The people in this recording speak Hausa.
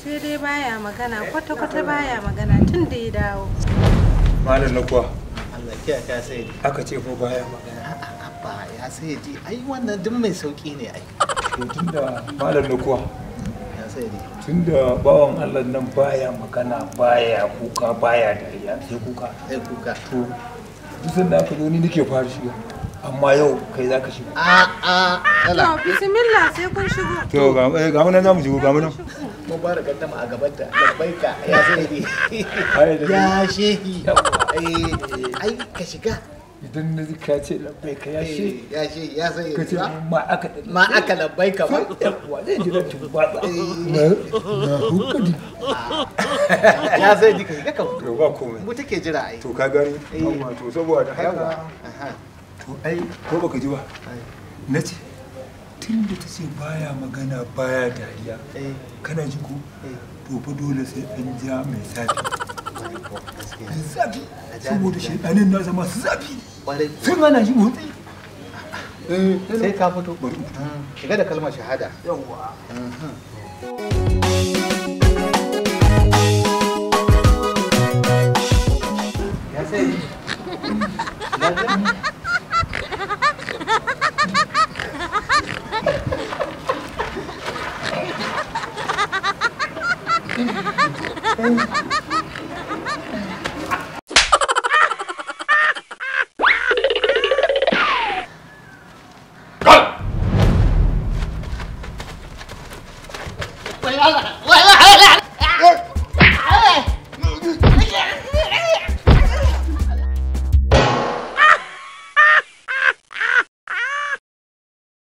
sai dai baya magana kwata-kwata baya magana tun da ya dawo malam na kuwa Allah kiya ka sai aka ce ko baya magana abba ya sai ji ai wannan duk mai sauki ne ai to tunda malam na kuwa ya sai ji tunda bawan Allah nan baya magana baya kuka baya dariya sai kuka sai kuka to duk sanda aka zo ni nake fara shiga amma yau kai za ka shigo. A'a, ah, ah, ala. Bismillah sai kun shigo. To ga eh, mu nan za mu shigo ga mu nan. Mu fara kaddama a gaban ta labbai ka ya sai ne. Ya shehi. Eh, ai ka shiga. Idan na ji ka ce labbai ka ya eh, shi. Ya shi, ya sai. Ka ce ma aka ma aka labbai ka ba. Wa zai ji ba ba. Na huka hukadi. Ah. Ya sai ji ka. ka. Ba komai. Mu take jira ai. To ka gani. Yawwa to saboda haka. to ai ko baka ji ba na ce tun da ta ce baya magana baya dariya eh. kana ji ko eh. to fa dole sai an ja mai zafi zafi saboda shedanin na zama zafi sun hana shi motsi eh, sai ka fito shiga mm. da kalmar shahada yawwa mm-hmm. ya sai Quay lại, quay lại, quay lại